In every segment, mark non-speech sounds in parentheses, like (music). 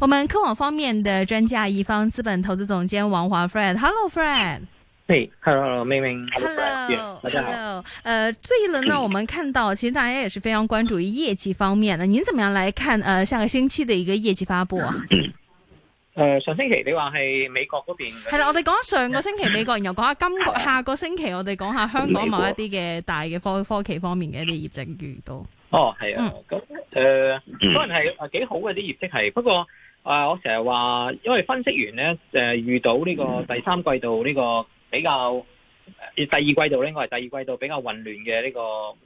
我們科網方面的專家，一方資本投資總監王華 Fred，Hello Fred，Hello Hello，明明、hey,，Hello，大家好，Hello，呃，yeah, uh, 這一輪呢， (coughs) 我們看到，其實大家也是非常關注於業績方面的，您怎麼樣來看？呃，下個星期的一個業績發布？啊、 (coughs) 呃？上星期你話係美國嗰邊，係啦， (coughs) 我哋講上個星期美國，然後講下今個下個星期，我哋講下香港某一啲嘅大嘅科科技方面嘅一啲業績預告。哦，係啊，咁誒，可能係誒幾好嘅啲業績。係，不過啊、呃，我成日話，因為分析員咧、呃，遇到呢個第三季度呢個比較、呃，第二季度咧，我係第二季度比較混亂嘅呢個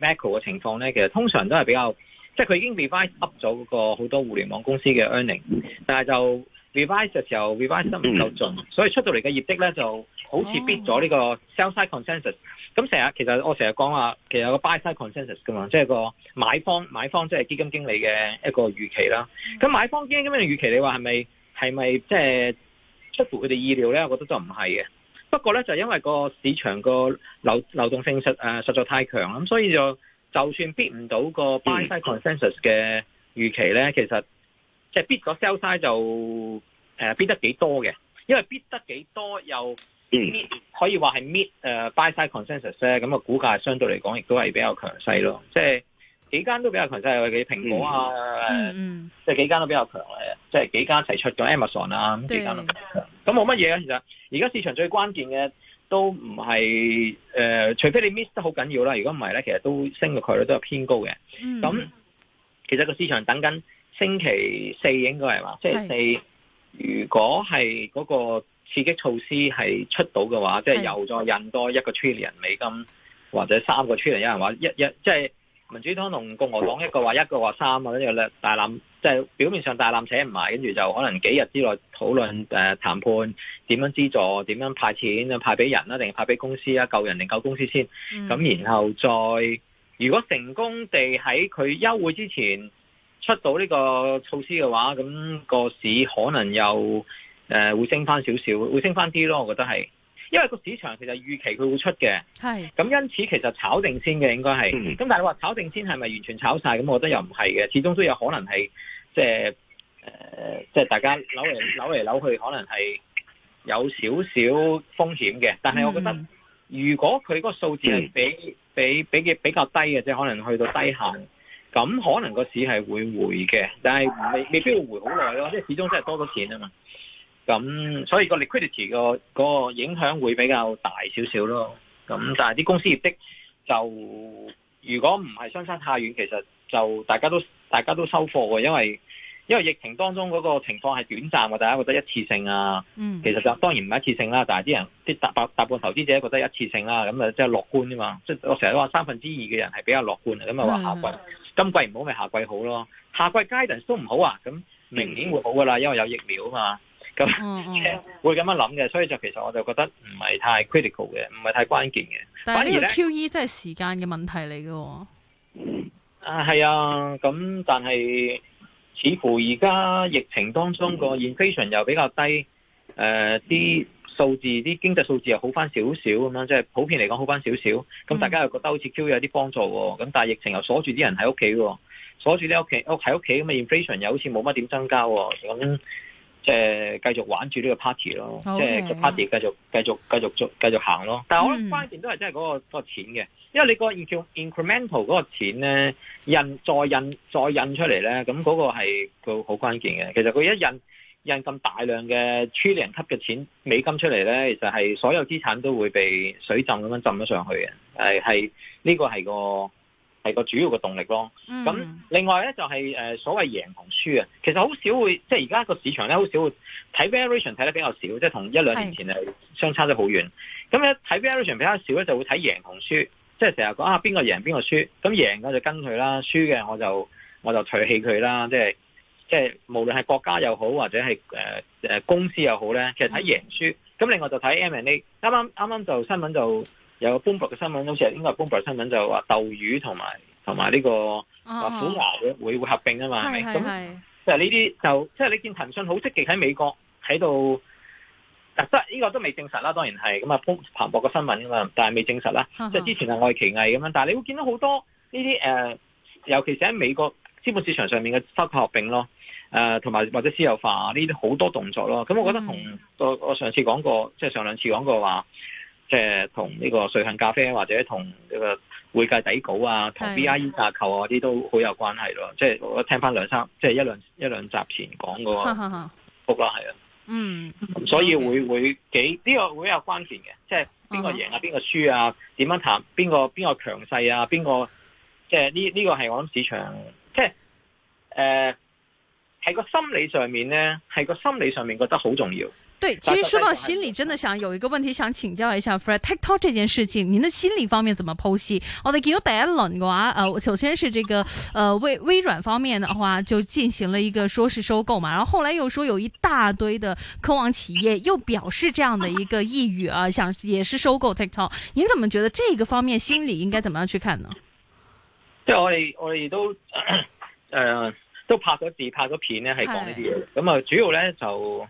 macro 嘅情況咧，其實通常都係比較，即係佢已經 revise up 咗個好多互聯網公司嘅 earning，但係就。revise 嘅時候，revise 得唔夠盡， (coughs) 所以出到嚟嘅業績咧就好似 beat 咗呢個 sell side consensus。咁成日其實我成日講話，其實有個 buy side consensus 嘅嘛，即係個買方買方即係基金經理嘅一個預期啦。咁 (coughs) 買方基金經理嘅預期，你話係咪係咪即係出乎佢哋意料咧？我覺得就唔係嘅。不過咧，就因為個市場個流流動性實誒實在太強，咁所以就就算 beat 唔到個 buy side consensus 嘅預期咧， (coughs) 其實。即係 bit 個 sell side 就誒 bit、呃、得幾多嘅，因為 bit 得幾多又 at,、嗯，可以話係 meet 誒 buy side consensus 咁個股價相對嚟講亦都係比較強勢咯。即、就、係、是、幾間都,、啊嗯嗯、都比較強勢，譬如蘋果啊，誒對，即係幾間都比較強嘅，即係幾間一齊出咗 Amazon 啊，咁幾間都咁，咁冇乜嘢嘅。其實而家市場最關鍵嘅都唔係誒，除非你 miss 得好緊要啦。如果唔係咧，其實都升嘅概率都有偏高嘅。咁、嗯、其實個市場等緊。星期四應該係話，星、就、期、是、四如果係嗰個刺激措施係出到嘅話，即係又再印多一個 trillion 美金，或者三個 trillion，有人話一一即係、就是、民主黨同共和黨一個話一個話三個，跟住咧大纜，即、就、係、是、表面上大纜扯唔埋，跟住就可能幾日之內討論誒談判點樣資助，點樣派錢派俾人啦，定派俾公司啊，救人定救公司先。咁、嗯、然後再如果成功地喺佢休會之前。出到呢個措施嘅話，咁個市可能又誒會升翻少少，會升翻啲咯。我覺得係，因為個市場其實預期佢會出嘅。係。咁因此其實炒定先嘅應該係。嗯。咁但係你話炒定先係咪完全炒晒？咁我覺得又唔係嘅，始終都有可能係即係誒，即係、呃、大家扭嚟扭嚟扭去，可能係有少少風險嘅。但係我覺得，如果佢嗰個數字係比、嗯、比、比、比比比較低嘅啫，即可能去到低限。咁可能個市係會回嘅，但係未未必會回好耐咯，即係始終真係多咗錢啊嘛。咁所以個 liquidity 嗰個影響會比較大少少咯。咁但係啲公司業績就如果唔係相差太遠，其實就大家都大家都收貨喎，因為。因為疫情當中嗰個情況係短暫大家覺得一次性啊，嗯、其實就當然唔係一次性啦，啊。但係啲人即係大半大半投資者覺得一次性啦，啊，咁啊即係樂觀啊嘛。即係我成日都話三分之二嘅人係比較樂觀咁啊話下季，是是是今季唔好咪下季好咯。下季階段都唔好啊，咁明年會好噶啦，嗯、因為有疫苗啊嘛。咁、嗯嗯、會咁樣諗嘅，所以就其實我就覺得唔係太 critical 嘅，唔係太關鍵嘅。但係呢個 QE 真係時間嘅問題嚟嘅、嗯。啊，係啊，咁但係。似乎而家疫情當中個 inflation 又比較低，誒啲、嗯呃、數字啲經濟數字又好翻少少咁樣，即、就、係、是、普遍嚟講好翻少少。咁大家又覺得好似 Q 有啲幫助喎，咁、嗯、但係疫情又鎖住啲人喺屋企喎，鎖住啲屋企屋喺屋企咁，inflation 又好似冇乜點增加，咁即係繼續玩住呢個 party 咯，即係個 party 繼續 okay，繼續繼續繼續繼續行咯。但係我覺得關鍵都係真係嗰個、嗯、個錢嘅。因為你個叫 incremental 嗰個錢咧印再印再印，再印出嚟咧，咁嗰個係個好關鍵嘅。其實佢一印印咁大量嘅 trillion 級嘅錢美金出嚟咧，其實係所有資產都會被水浸咁樣浸咗上去嘅。係呢、呢個係個係個主要嘅動力咯。咁、mm. 另外咧就係誒所謂贏同輸啊，其實好少會即係而家個市場咧好少會睇 variation 睇得比較少，即係同一兩年前係相差得好遠。咁咧睇是 variation 比較少咧，就會睇贏同輸。即係成日講啊誰贏誰輸，邊個贏邊個輸，咁贏嘅就跟佢啦，輸嘅我就我就唾棄佢啦。即係即係無論係國家又好，或者係誒誒公司又好咧，其實睇贏輸。咁、嗯、另外就睇 M&A。啱啱啱啱就新聞就有 Bloomberg 嘅新聞，好似係應該係 Bloomberg 嘅新聞，就話鬥魚同埋同埋呢個啊虎牙會會合併啊嘛，係咪？咁、啊、就呢啲就即係你見騰訊好積極喺美國喺度。嗱，呢個都未證實啦，當然係咁啊，彭博嘅新聞，但係未證實啦。呵呵即之前係愛奇藝咁樣，但係你會見到好多呢啲誒，尤其是喺美國資本市場上面嘅收購合併咯，同、呃、埋或者私有化呢啲好多動作咯。咁我覺得同我、嗯、我上次講過，即係上兩次講過話，即係同呢個瑞幸咖啡或者同呢個會計底稿啊，同 BIE 架構啊啲都好有關係咯。即係我聽翻兩三，即係一兩一兩集前講過好啦，係呵啊。嗯，所以會會幾呢，這個會比較關鍵嘅，即係邊個贏啊，邊個輸啊，點樣談，邊個邊個強勢啊，邊個、啊就是這個即係呢呢個係我諗市場，即係誒，係、呃、個心理上面咧，係個心理上面覺得好重要。對，其實說到心裏真的想有一個問題想請教一下，Fred TikTok 這件事情，您的心理方面怎麼剖析？我哋講到 Elon 的話，呃，首先是這個呃微微軟方面的話，就進行了一個說是收購嘛，然后後來又說有一大堆的科網企業又表示這樣的一個意願啊，想也是收購 TikTok，ok、您怎麼覺得這個方面心理應該怎麼樣去看呢？即係我哋我哋都呃都拍咗字拍咗片呢，係講呢啲嘢，咁啊、嗯、主要呢就。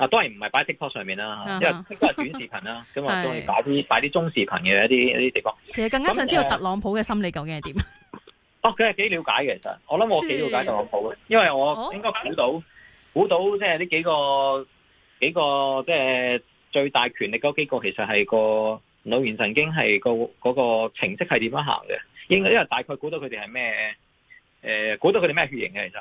啊，都係唔係擺 TikTok 上面啦，啊、因為都係短視頻啦，咁哈我中意擺啲擺啲中視頻嘅一啲一啲地方。其實更加想知道那特朗普嘅心理究竟係點、呃？哦，佢係幾了解嘅，其實我諗我幾了解特朗普嘅，因為我應該估到估到，即係呢幾個幾個即係最大權力嗰幾個，其實係個腦源神經係個嗰、那個程式係點樣行嘅？應該因為大概估到佢哋係咩？誒、呃，估到佢哋咩血型嘅其實？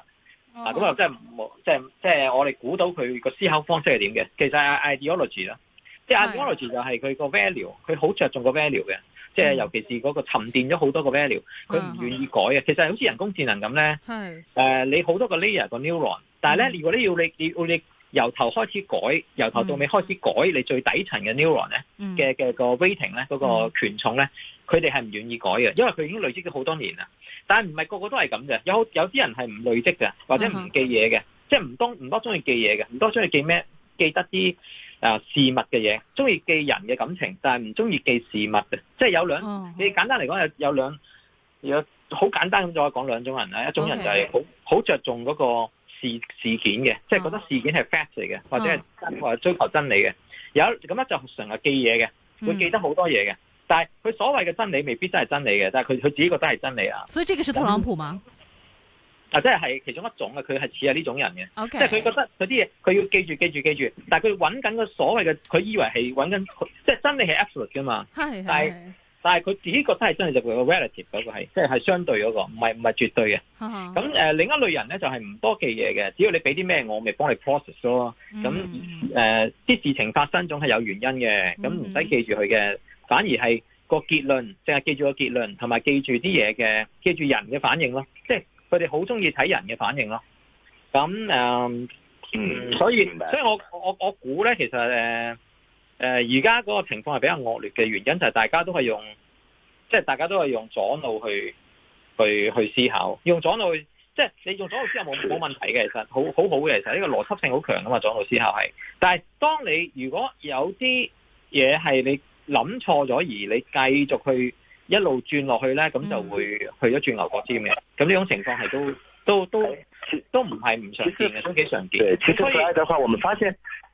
嗱，咁又真係冇，即係即係我哋估到佢個思考方式係點嘅。其實 ideology 啦 ide 的，value, 嗯、即係 ideology 就係佢個 value，佢好着重個 value 嘅。即係尤其是嗰個沉澱咗好多個 value，佢唔願意改嘅。的其實好似人工智能咁咧的、呃，你好多個 layer 個 neuron，但係咧，的如果你要你你要你由頭開始改，由頭到尾開始改、嗯、你最底層嘅 neuron 咧嘅嘅個 waiting 咧嗰個權重咧。佢哋係唔願意改嘅，因為佢已經累積咗好多年啦。但係唔係個個都係咁嘅，有有啲人係唔累積嘅，或者唔記嘢嘅，mm hmm. 即係唔多唔多中意記嘢嘅，唔多中意記咩？記得啲啊、呃、事物嘅嘢，中意記人嘅感情，但係唔中意記事物嘅。即係有兩，oh. 你簡單嚟講有兩有兩有好簡單咁就可以講兩種人啦。一種人就係好好著重嗰個事事件嘅，即係覺得事件係 fact 嚟嘅，或者係、oh. 追求真理嘅。有咁樣就成日記嘢嘅，會記得好多嘢嘅。Mm hmm. 但係佢所謂嘅真理未必真係真理嘅，但係佢佢自己覺得係真理啊。所以呢個係特朗普嗎？嗯、啊，即係係其中一種啊，佢係似係呢種人嘅。Okay. 即係佢覺得佢啲嘢，佢要記住記住記住。但係佢揾緊個所謂嘅，佢以為係揾緊，即係真理係 absolute 噶嘛。是是是但係但係佢自己覺得係真理就佢、是、個 relative 嗰個係，即係係相對嗰個，唔係唔係絕對嘅。咁誒、呃，另一類人咧就係、是、唔多記嘢嘅，只要你俾啲咩，我咪幫你 process 咯。咁誒、嗯、啲、呃、事情發生總係有原因嘅，咁唔使記住佢嘅。嗯反而係個結論，淨係記住個結論，同埋記住啲嘢嘅，記住人嘅反應咯。即係佢哋好中意睇人嘅反應咯。咁嗯，所以所以我我我估咧，其實誒而家嗰個情況係比較惡劣嘅原因就係大家都係用，即係大家都係用左腦去去去思考，用左腦，即係你用左腦思考冇冇問題嘅，其實好好好好嘅，其實呢個邏輯性好強噶嘛，左腦思考係。但係當你如果有啲嘢係你。諗錯咗而你繼續去一路轉落去呢，咁就會去咗轉牛角尖嘅。咁呢種情況係都都都都唔係唔常見嘅，都幾常見。對、嗯，其實我哋發現。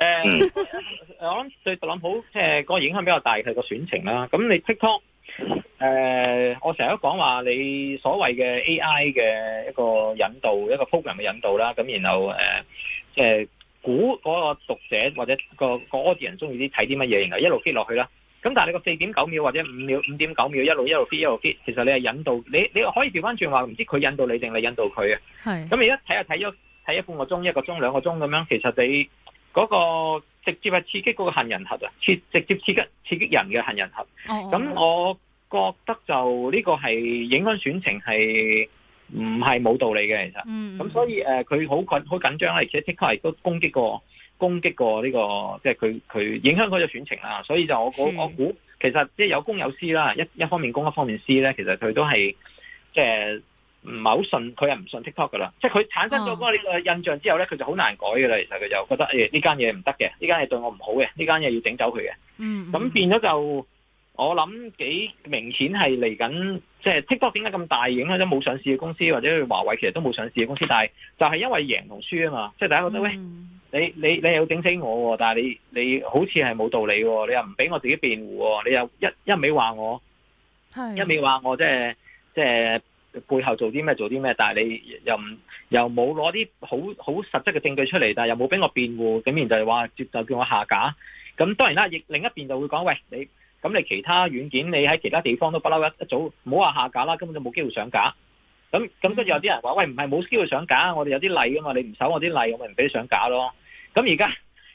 誒， (laughs) uh, 我諗對特朗普誒、這個影響比較大佢、這個選情啦。咁你 TikTok、呃、誒，我成日都講話你所謂嘅 A I 嘅一個引導，一個 program 嘅引導啦。咁然後誒，即、呃呃、估嗰個讀者或者、那個 audience 中意啲睇啲乜嘢然後一路 fit 落去啦。咁但係你個四點九秒或者五秒五點九秒一路一路 fit 一路 fit，其實你係引導你，你可以調翻轉話，唔知佢引導你定你引導佢係。咁是你一睇下睇咗睇一半個鐘、一個鐘、兩個鐘咁樣，其實你。嗰個直接係刺激嗰個行人核啊，切直接刺激接刺激人嘅杏仁核。咁、哦、我覺得就呢個係影響選情係唔係冇道理嘅其實。咁、嗯、所以誒，佢、呃、好緊好緊張啦，而且即刻係都攻擊過攻擊過呢、這個，即係佢佢影響嗰隻選情啦。所以就我的我估其實即係有公有私啦，一一方面公一方面私咧，其實佢都係即係。就是唔係好信，佢又唔信 TikTok 㗎喇，即係佢產生咗嗰個呢個印象之後咧，佢、哦、就好難改㗎喇。其實佢就覺得誒呢間嘢唔得嘅，呢間嘢對我唔好嘅，呢間嘢要整走佢嘅。嗯，咁變咗就我諗幾明顯係嚟緊，即係 TikTok 點解咁大影響都冇上市嘅公司，或者華為其實都冇上市嘅公司，但係就係因為贏同輸啊嘛，即係大家覺得、嗯、喂，你你你又要整死我，但係你你好似係冇道理喎，你又唔俾我自己辯護，你又一一味話我，係一味話我即係即係。的背後做啲咩，做啲咩？但係你又唔又冇攞啲好好實質嘅證據出嚟，但係又冇俾我辯護，竟然就係話直接就叫我下架。咁當然啦，亦另一邊就會講喂，你，咁你其他軟件你喺其他地方都不嬲一早唔好話下架啦，根本就冇機會上架。咁咁跟住有啲人話喂，唔係冇機會上架，我哋有啲例㗎嘛，你唔守我啲例，我咪唔俾你上架咯。咁而家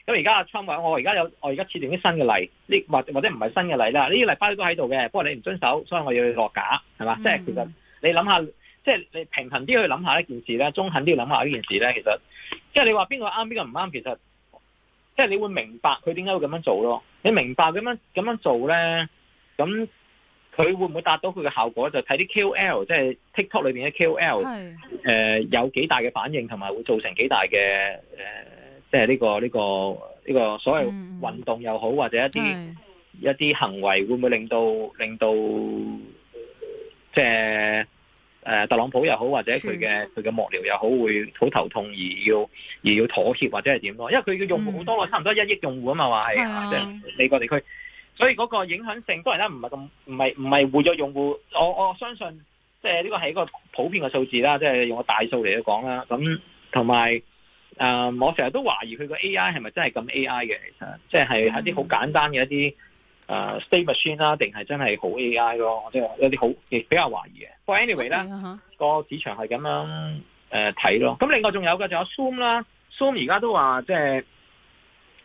咁而家阿川話我而家有我而家設定啲新嘅例，呢或或者唔係新嘅例啦，呢啲例包都喺度嘅，不過你唔遵守，所以我要落架係嘛？即係其實。嗯你諗下，即係你平衡啲去諗下呢件事咧，中肯啲去諗下呢件事咧，其實即係你話邊個啱，邊個唔啱，其實即係你會明白佢點解會咁樣做咯。你明白咁樣咁樣做咧，咁佢會唔會達到佢嘅效果？就睇啲 KOL，即係 TikTok 裏邊嘅 KOL，誒，有幾大嘅反應，同埋會造成幾大嘅誒、呃，即係呢、這個呢、這個呢、這個所謂運動又好，嗯、或者一啲是一啲行為會唔會令到令到即係？誒特朗普又好，或者佢嘅佢嘅幕僚又好，會好頭痛而要而要妥協或者係點咯，因為佢嘅用戶好多咯，嗯、差唔多一億用戶啊嘛，話係即美國地區，所以嗰個影響性當然啦，唔係咁唔係唔係活躍用戶，我我相信即係呢個係一個普遍嘅數字啦，即係用個大數嚟去講啦。咁同埋誒，我成日都懷疑佢個 AI 係咪真係咁 AI 嘅？其實即係係一啲好簡單嘅一啲。誒、uh,，state machine 啦、啊，定係真係好 AI 咯、啊，即、就、係、是、有啲好，亦比較懷疑嘅。不過 anyway 啦、okay, uh，huh. 個市場係咁樣誒睇、呃、咯。咁另外仲有嘅、啊、就有 Zoom 啦，Zoom 而家都話即係誒，即、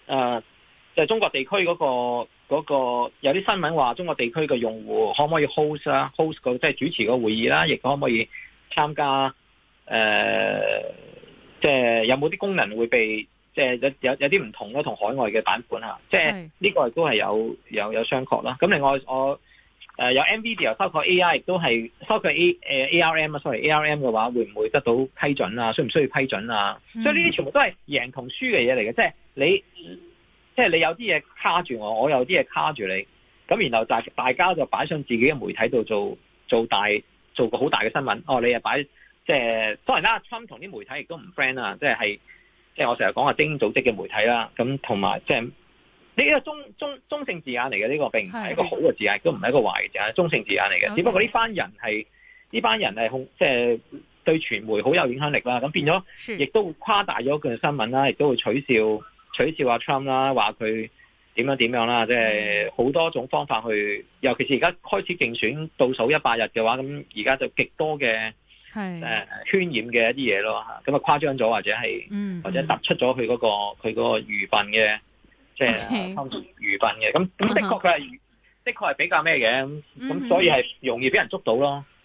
呃、係、就是、中國地區嗰、那個嗰、那個有啲新聞話，中國地區嘅用戶可唔可以 host 啦、啊、，host 個即係主持個會議啦、啊，亦可唔可以參加誒？即、呃、係、就是、有冇啲功能會被？即係有有有啲唔同咯，同海外嘅版本啊。即係呢個亦都係有有有商榷啦。咁另外我誒、呃、有 NVIDIA 包括 AI，亦都係包括 A 誒 ARM 啊，sorry，ARM 嘅話會唔會得到批准啊？需唔需要批准啊？Mm. 所以呢啲全部都係贏同輸嘅嘢嚟嘅。即係你即係你有啲嘢卡住我，我有啲嘢卡住你。咁然後大大家就擺上自己嘅媒體度做做大做個好大嘅新聞。哦，你又擺即係當然啦，Trump 同啲媒體亦都唔 friend 啊，即係係。即係我成日講話精英組織嘅媒體啦，咁同埋即係呢一個中中中性字眼嚟嘅，呢個，並唔係一個好嘅字眼，亦都唔係一個壞嘅字眼，中性字眼嚟嘅。只不過呢班人係呢班人係控，即係對傳媒好有影響力啦。咁變咗，亦都會誇大咗佢嘅新聞啦，亦都會取笑取笑阿 Trump 啦，話佢點樣點樣啦，即係好多種方法去。嗯、尤其是而家開始競選倒數一百日嘅話，咁而家就極多嘅。係誒是、呃、渲染嘅一啲嘢咯嚇，咁啊誇張咗或者係、嗯、或者突出咗佢、嗰個佢嗰個愚笨嘅，即係、嗯，係愚笨嘅咁咁，Okay. 的確佢係，的確係、嗯、哼比較咩嘅，咁、嗯、哼所以係容易俾人捉到咯。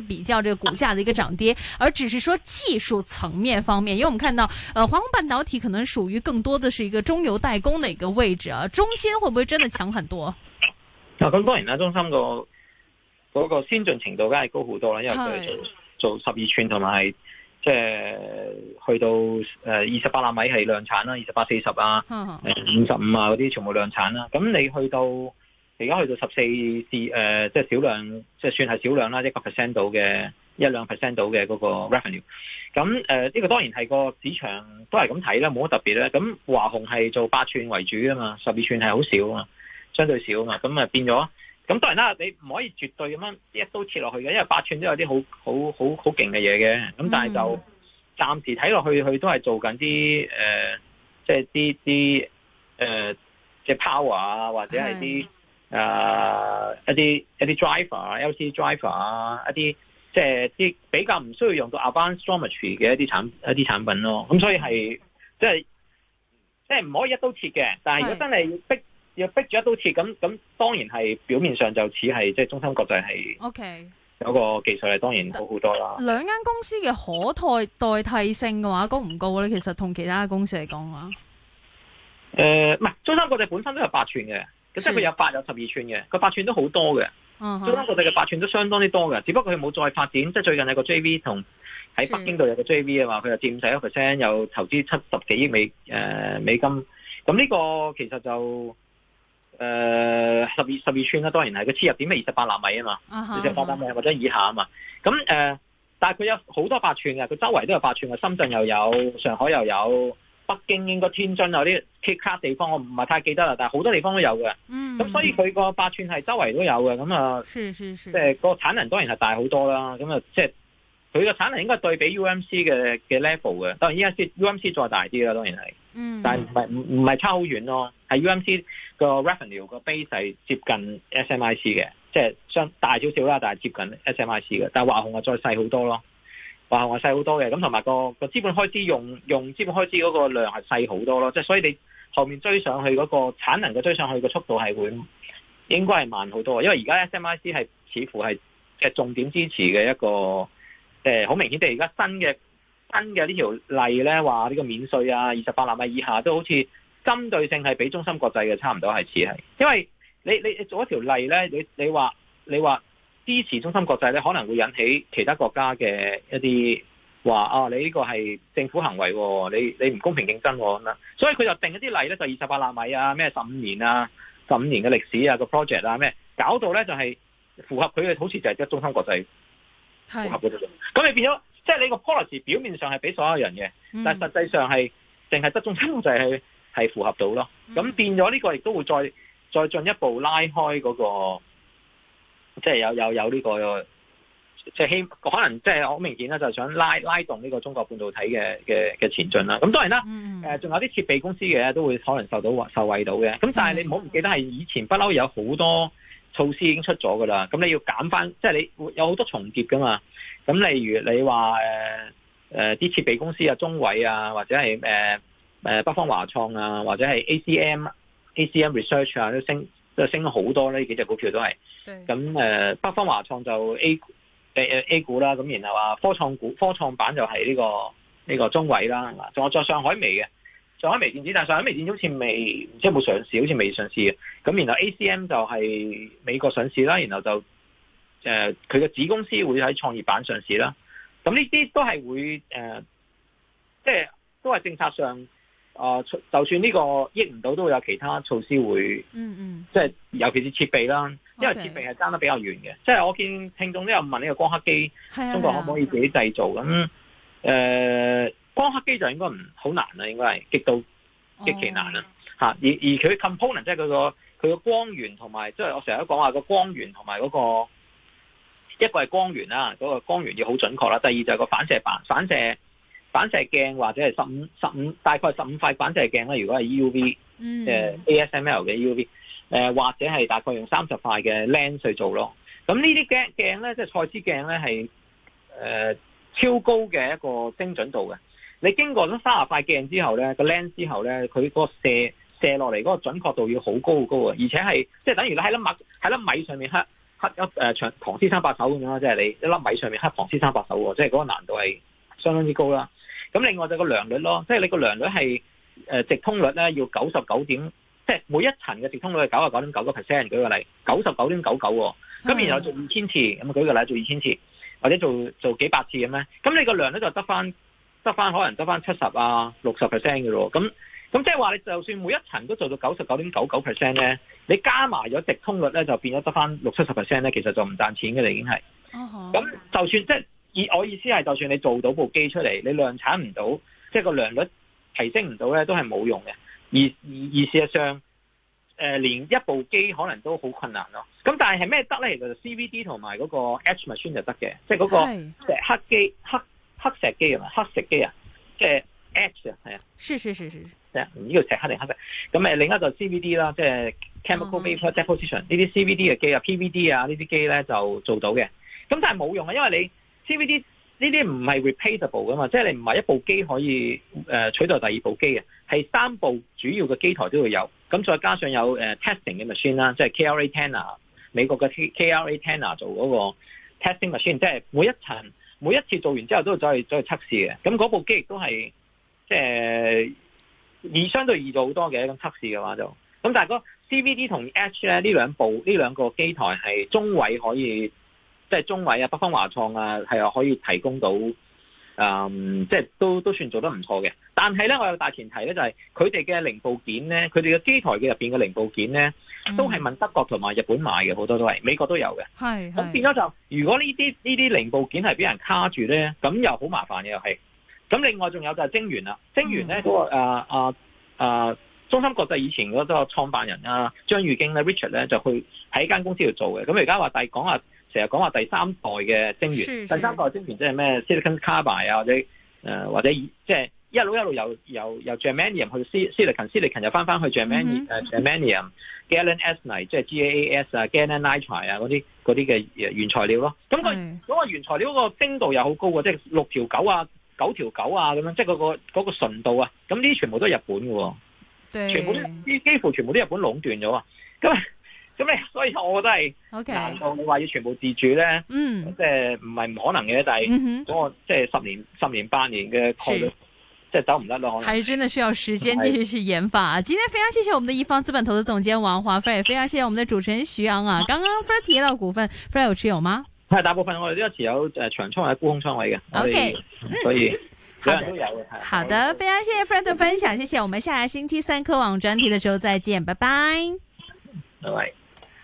比較這個股價的一個漲跌，而只是說技術層面方面，因為我們看到，呃，華虹半導體可能屬於更多的是一個中游代工的一個位置啊，中芯會不會真的強很多？啊，咁當然啦，中芯個嗰、那個先進程度梗係高好多啦，因為佢做十二是寸同埋，即係、就是、去到誒二十八納米係量產啦，二十八四十啊，誒五十五啊嗰啲全部量產啦，咁你去到。而家去到十四至誒，即係少量，即係算係少量啦，一個 percent 到嘅一兩 percent 到嘅嗰個 revenue。咁誒，呢個當然係個市場都係咁睇啦，冇乜特別啦。咁華虹係做八寸為主噶嘛，十二寸係好少啊嘛，相對少啊嘛。咁啊變咗，咁當然啦，你唔可以絕對咁樣一刀切落去嘅，因為八寸都有啲好好好好勁嘅嘢嘅。咁但係就、嗯、暫時睇落去，佢都係做緊啲誒，即係啲啲誒，即係 power 啊，或者係啲。誒、uh，一啲一啲 driver 啊，LC driver 啊，一啲即係啲比較唔需要用到 advanced geometry 嘅一啲產一啲產品咯，咁所以係即係即係唔可以一刀切嘅。但係如果真係要逼要逼住一刀切咁，咁當然係表面上就似係即係中芯國際係。O K. 有個技術係當然好好多啦。兩間、okay. 公司嘅可代代替性嘅話高唔高咧？其實同其他公司嚟講啊。誒，唔係中芯國際本身都有八吋嘅。即係佢有八有十二寸嘅，佢八寸都好多嘅，中國內地嘅八寸都相當之多嘅，只不過佢冇再發展。即係最近有個 JV 同喺北京度有個 JV 啊嘛，佢又佔十一 percent，又投資七十幾億美誒、呃、美金。咁呢個其實就誒十二十二寸啦、啊，當然係佢切入點係二十八納米啊嘛，二十八納米、啊、或者以下啊嘛。咁誒、呃，但係佢有好多八寸嘅，佢周圍都有八寸啊，深圳又有，上海又有，北京應該天津有啲貼卡地方，我唔係太記得啦，但係好多地方都有嘅。嗯，咁所以佢個八吋係周圍都有嘅，咁啊，即係個產能當然係大好多啦。咁啊，即係佢個產能應該對比 UMC 嘅嘅 level 嘅，當然依家 UMC 再大啲啦，當然係。嗯，但係唔係唔唔係差好遠咯，係 UMC 個 revenue 個 base 係接近 SMIC 嘅，即係相大少少啦，但係接近 SMIC 嘅，但華虹又再細好多咯。話話細好多嘅，咁同埋個個資本開支用用資本開支嗰個量係細好多咯，即係所以你後面追上去嗰個產能嘅追上去嘅速度係會應該係慢好多，因為而家 SMIC 係似乎係嘅重點支持嘅一個誒，好明顯哋而家新嘅新嘅呢條例咧，話呢個免稅啊，二十八納米以下都好似針對性係比中芯國際嘅差唔多係似係，因為你你做一條例咧，你你話你話。支持中芯國際咧，可能會引起其他國家嘅一啲話啊，你呢個係政府行為、哦，你你唔公平競爭咁、哦、啦。所以佢就定一啲例咧，就二十八納米啊，咩十五年啊，十五年嘅歷史啊，個 project 啊，咩搞到咧就係、是、符合佢嘅，好似就係得中芯國際符合嗰啲咁。是變就是、你變咗，即係你個 policy 表面上係俾所有人嘅，嗯、但係實際上係淨係得中芯國際係係符合到咯。咁變咗呢個亦都會再再進一步拉開嗰、那個。即係有有有呢、這個，即係希可能即係好明顯啦，就想拉拉動呢個中國半導體嘅嘅嘅前進啦。咁、嗯、當然啦，誒、嗯，仲有啲設備公司嘅都會可能受到受惠到嘅。咁但係你唔好唔記得係以前不嬲有好多措施已經出咗噶啦。咁你要減翻，即係你有好多重疊噶嘛。咁例如你話誒誒啲設備公司啊，中微啊，或者係誒誒北方華創啊，或者係 ACM ACM Research 啊都升。即係升咗好多呢幾隻股票都係。咁誒對、呃，北方華創就 A 股 A 股啦。咁然後話科創股、科創板就係呢、這個呢、這個中位啦。仲有再上海微嘅上海微電子，但係上海微電子好似未，唔知有冇上市，好似未上市嘅。咁然後 ACM 就係美國上市啦。然後就誒佢嘅子公司會喺創業板上市啦。咁呢啲都係會誒，即、呃、係、就是、都係政策上。啊、呃！就算呢個益唔到，都會有其他措施會，嗯嗯，即係尤其是設備啦，因為設備係爭得比較遠嘅。Okay 即係我見聽眾都有問呢個光刻機， (noise) 中國可唔可以自己製造？咁誒、 (noise) 嗯呃，光刻機就應該唔好難啦、啊，應該係極度極其難啦、啊、嚇、哦。而而佢 component 即係佢個佢個光源同埋，即、就、係、是、我成日都講話個光源同埋嗰個一個係光源啦，嗰、那個光源要好準確啦。第二就係個反射板，反射。反射鏡或者係十五十五，大概十五塊反射鏡咧，如果係、e、U V 嘅 ASML 嘅 U V，誒、呃、或者係大概用三十塊嘅 lens 去做咯。咁呢啲鏡鏡咧，即係蔡司鏡咧，係誒、呃、超高嘅一個精準度嘅。你經過咗三十塊鏡之後咧，個 lens 之後咧，佢個射射落嚟嗰個準確度要好高好高啊！而且係即係等於你喺粒米喺粒米上面刻刻一誒唐詩三百首咁樣啦，即係你一粒米上面刻唐詩三百首喎，即係嗰個難度係相當之高啦。咁另外就個良率咯，即係你個良率係誒直通率咧，要九十九點，即係每一層嘅直通率係九十九點九個 percent，舉個例九十九點九九喎。咁然後做二千次，咁舉個例做二千次，或者做做幾百次咁咧，咁你個良率就得翻得翻，可能得翻七十啊六十 percent 嘅咯。咁咁即係話你就算每一層都做到九十九點九九 percent 咧，你加埋咗直通率咧，就變咗得翻六七十 percent 咧，其實就唔賺錢嘅啦，你已經係。咁就算即係。意我意思係，就算你做到部機出嚟，你量產唔到，即係個良率提升唔到咧，都係冇用嘅。而而而事實上，誒、呃，連一部機可能都好困難咯。咁但係係咩得咧？其實 CVD 同埋嗰個 H machine 就得嘅，即係嗰個石黑機、是黑黑石機啊，黑石機啊，即係 H 啊，係啊。是是是是。係啊，呢個石黑定黑石。咁誒，另一個 CVD 啦，即係 chemical vapor deposition 呢啲、嗯嗯、CVD 嘅機啊、PVD 啊呢啲機咧就做到嘅。咁但係冇用啊，因為你。c v d 呢啲唔係 repeatable 噶嘛，即係你唔係一部機可以誒、呃、取代第二部機嘅，係三部主要嘅機台都會有。咁再加上有誒、呃、testing 嘅 machine 啦，即係 KLA Tencor 美國嘅 KLA Tencor 做嗰個 testing machine，即係每一層每一次做完之後都會再去再去測試嘅。咁嗰部機亦都係即係易相對易做好多嘅一種測試嘅話就。咁但係嗰 CVD 同 H 咧，呢兩部呢兩個機台係中位可以。即係中微啊、北方華創啊，係可以提供到，嗯，即係都都算做得唔錯嘅。但係咧，我有大前提咧、就是，就係佢哋嘅零部件咧，佢哋嘅機台嘅入邊嘅零部件咧，嗯、都係問德國同埋日本買嘅，好多都係美國都有嘅。係，咁變咗就，如果呢啲呢啲零部件係俾人卡住咧，咁又好麻煩嘅，又係。咁另外仲有就係晶圓啦，晶圓咧嗰個啊啊，啊中芯國際以前嗰個創辦人啊張裕京咧、啊、Richard 咧、啊、就去喺間公司度做嘅。咁而家話大講話。成日講話第三代嘅晶圓，第三代晶圓即係咩 silicon carbide 啊，或者誒、呃、或者即係一路一路由由由 germanium 去到 silicon silicon 又翻翻去 germanium germanium gallium arsenide 即係 G A A S 啊 gallium nitride 啊嗰啲嗰啲嘅原材料咯。咁佢嗰個原材料嗰個精度又好高喎、啊就是啊啊，即係六條九啊，九條九啊咁樣，即係嗰個嗰個純度啊。咁呢啲全部都日本嘅喎、啊，對全部都幾乎全部都日本壟斷咗啊。咁啊。咁你，所以我覺得係難度，你話要全部自主咧，即係唔係唔可能嘅，但係嗰個即係十年、十年八年嘅概率，即係走唔得咯。可能。係真係需要時間繼續去研發。今天非常謝謝我們的一方資本投資總監王華，非常謝謝我們嘅主持人徐陽啊。剛剛 Fred 提到股份 Fred 有持有嗎？係大部分我哋都有持有，誒長倉或者沽空倉位嘅。OK，所以可能都有嘅。好的，非常謝謝 Fred 嘅分享。謝謝我們下星期三科網專題嘅時候再見，拜拜。拜拜。